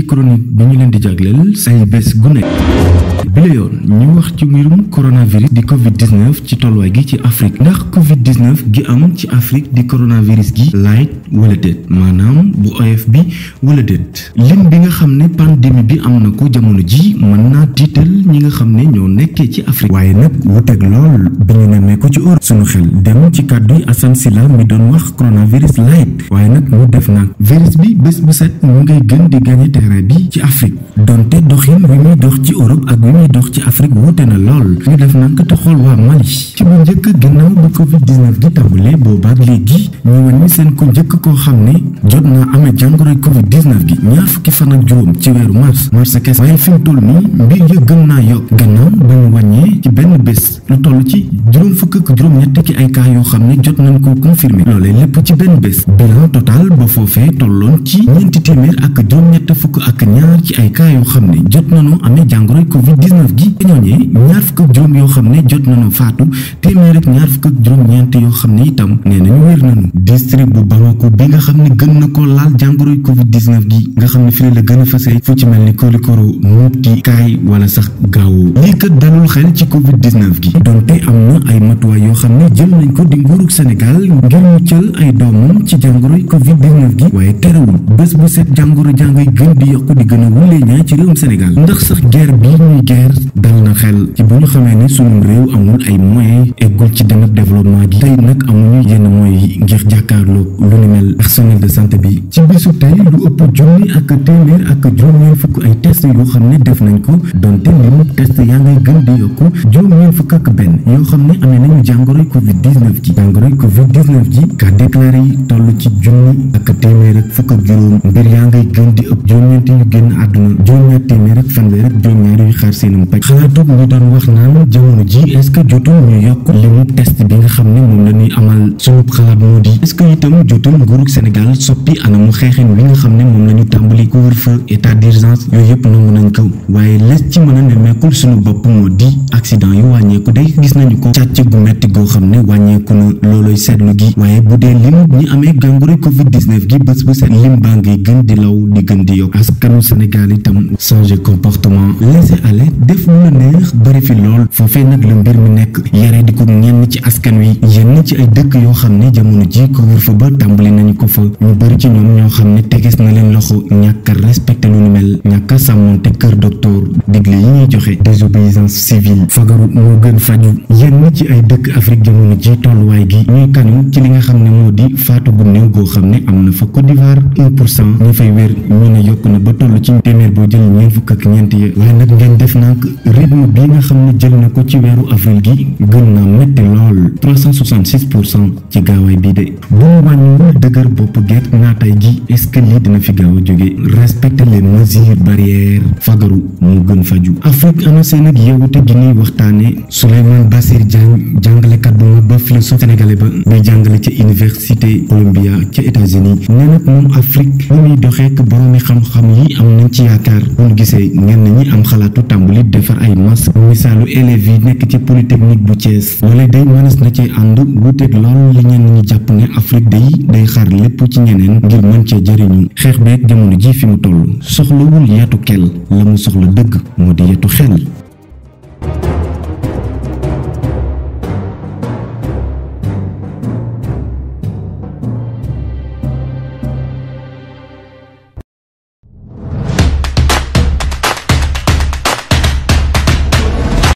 ci chronique bi ñu leen di jagleel say bés gu nekk bi la yoon wax ci mbirum coronavirus di Covid ci tolluwaay gi ci Afrique ndax Covid 19 gi am ci Afrique di coronavirus gi laaj wala déet maanaam bu oyof bi wala déet lim bi nga xam ne pandémie bi am na ko jamono ji mën naa tiital ñi nga xam ne ñoo nekkee ci Afrique waaye nag wuuteeg lool bi ñu nemmee ko ci Europe sunu xel. dem ci kàddu yi Assane Sylla mi doon wax coronavirus light waaye nag mu def nag virus bi bés bu set mu ngay gën di gagné terrain bi ci Afrique donte doxin wi muy dox ci Europe ak wi muy dox ci Afrique wuute na lool ñu def nag te xool waa Mali ci bu njëkk ginnaaw bu Covid 19 gi tàmbalee boobaak léegi ñu wane seen ku njëkk koo xam ne jot naa amee jàngoroy Covid 19 gi ñaar fukki fan ak juróom ci weeru mars mars kese waaye fi toll nii mbir ya gën naa yokk gannaaw ba ñu cas yoo xam ne jot nañ ko confirmer loolee lépp ci benn bés bilan total ba foofee tolloon ci ñeenti téeméer ak juróom-ñett fukk ak ñaar ci ay cas yoo xam ne jot nañoo amee jàngoroy covid 19 gi te ñooñee ñaar fukk ak juróom yoo xam ne jot nañoo faatu téeméer ak ñaar fukk ak juróom-ñeent yoo xam ne itam nee nañu wér nañu district bu Bamako bi nga xam ne gën na ko laal jàngoroy covid 19 gi nga xam ne fii la gën a fësee fu ci mel ni Kolikoro Mopti Kaay nañ ko di nguurug Sénégal ngir muccal a ndax sax guerre bii ñuy guerre dal na xel ci bu ñu xamee ne sunu réew amul ay moyens eggul ci demab gi tey nag amuñu yenn moyens ngir jàkkaarloo lu ni mel personnel de santé bi ci bisu tey lu ëpp junni ak téeméer ak juróom-ñeent fukk ay test yoo xam ne def nañ ko donte limub test yaa ngay gën di yokku juróom yoo xam ne amee nañu jàngoroy Covid 19 ci jàngoroy Covid 19 ji ka déclaré yi toll ci junni ak téeméer ak fukk ak juróom mbir yaa ngay gën di ëpp juróom-ñeenti ñu génn àdduna juróom-ñaar téeméer ak fanweer ak juróom-ñaar yu xaar seenam paj xalaatoog ñu doon wax naan jamono ji est-ce que jotul ñu yokk limu test bi nga xam ne moom la ñuy amal suñu xalaat moo di est-ce que itam jotul nguurug Sénégal soppi anamu xeexin wi nga xam ne moom la ñu tàmbali couvre-feu état d'urgence yooyu yëpp nangu nañ ko waaye les ci mën a nekkul suñu bopp moo di accident yu wàññeeku day gis nañu ko càcc gu metti goo xam ne wàññeeku na looloy seetlu gi waaye bu dee lim ñi amee gàngoroy covid gi bés bu seet lim baa ngi gën di law di gën di yokk askanu Sénégal itam changer comportement laisser aller def lu la neex bëri fi lool foofee nag la mbir mi nekk yare di ko ñenn ci askan wi yenn ci ay dëkk yoo xam ne jamono ji couvre-feu ba tàmbali nañu ko fa ñu bëri ci ñoom ñoo xam ne tegees na leen a respecté a digle yi ñuy joxe désobéissance civile fagaru moo gën faju yenn ci ay dëkk Afrique jamono ji tolluwaay gi ñuy kanam ci li nga xam ne moo di faatu gu néew goo xam ne am na fa Côte d'Ivoire un fay wér ñu ne yokk na ba toll ci téeméer boo jël ñeent fukk ak ñeent ya waaye nag ngeen def nank rythme bi nga xam ne jël na ko ci weeru avril gi gën na métti lool pour cent ci gaawaay bii de bu mu wàññiwul dëgër bopp geeg naataay gi est-ce fi gaaw a jóge respecter gën faju Afrique annoncé nag yeewute gi ñuy waxtaane Souleymane Bassir jàngalekat bu mag ba soo sénégalais ba muy jàngale ca université Columbia ca États-Unis nee nag moom Afrique ni muy doxee ak boroomi xam-xam yi am nañ ci yaakaar bu ñu gisee ñenn ñi am xalaatu tàmbali defar ay masque misaalu élèves yi nekk ci polytechnique bu Thiès loolee day mënees na ci ànd wuuteeg lool li ñenn ñi jàpp ne Afrique day day xaar lépp ci ñeneen ngir mën cee jëriñu xeex beeg jamono ji mu di yetu xel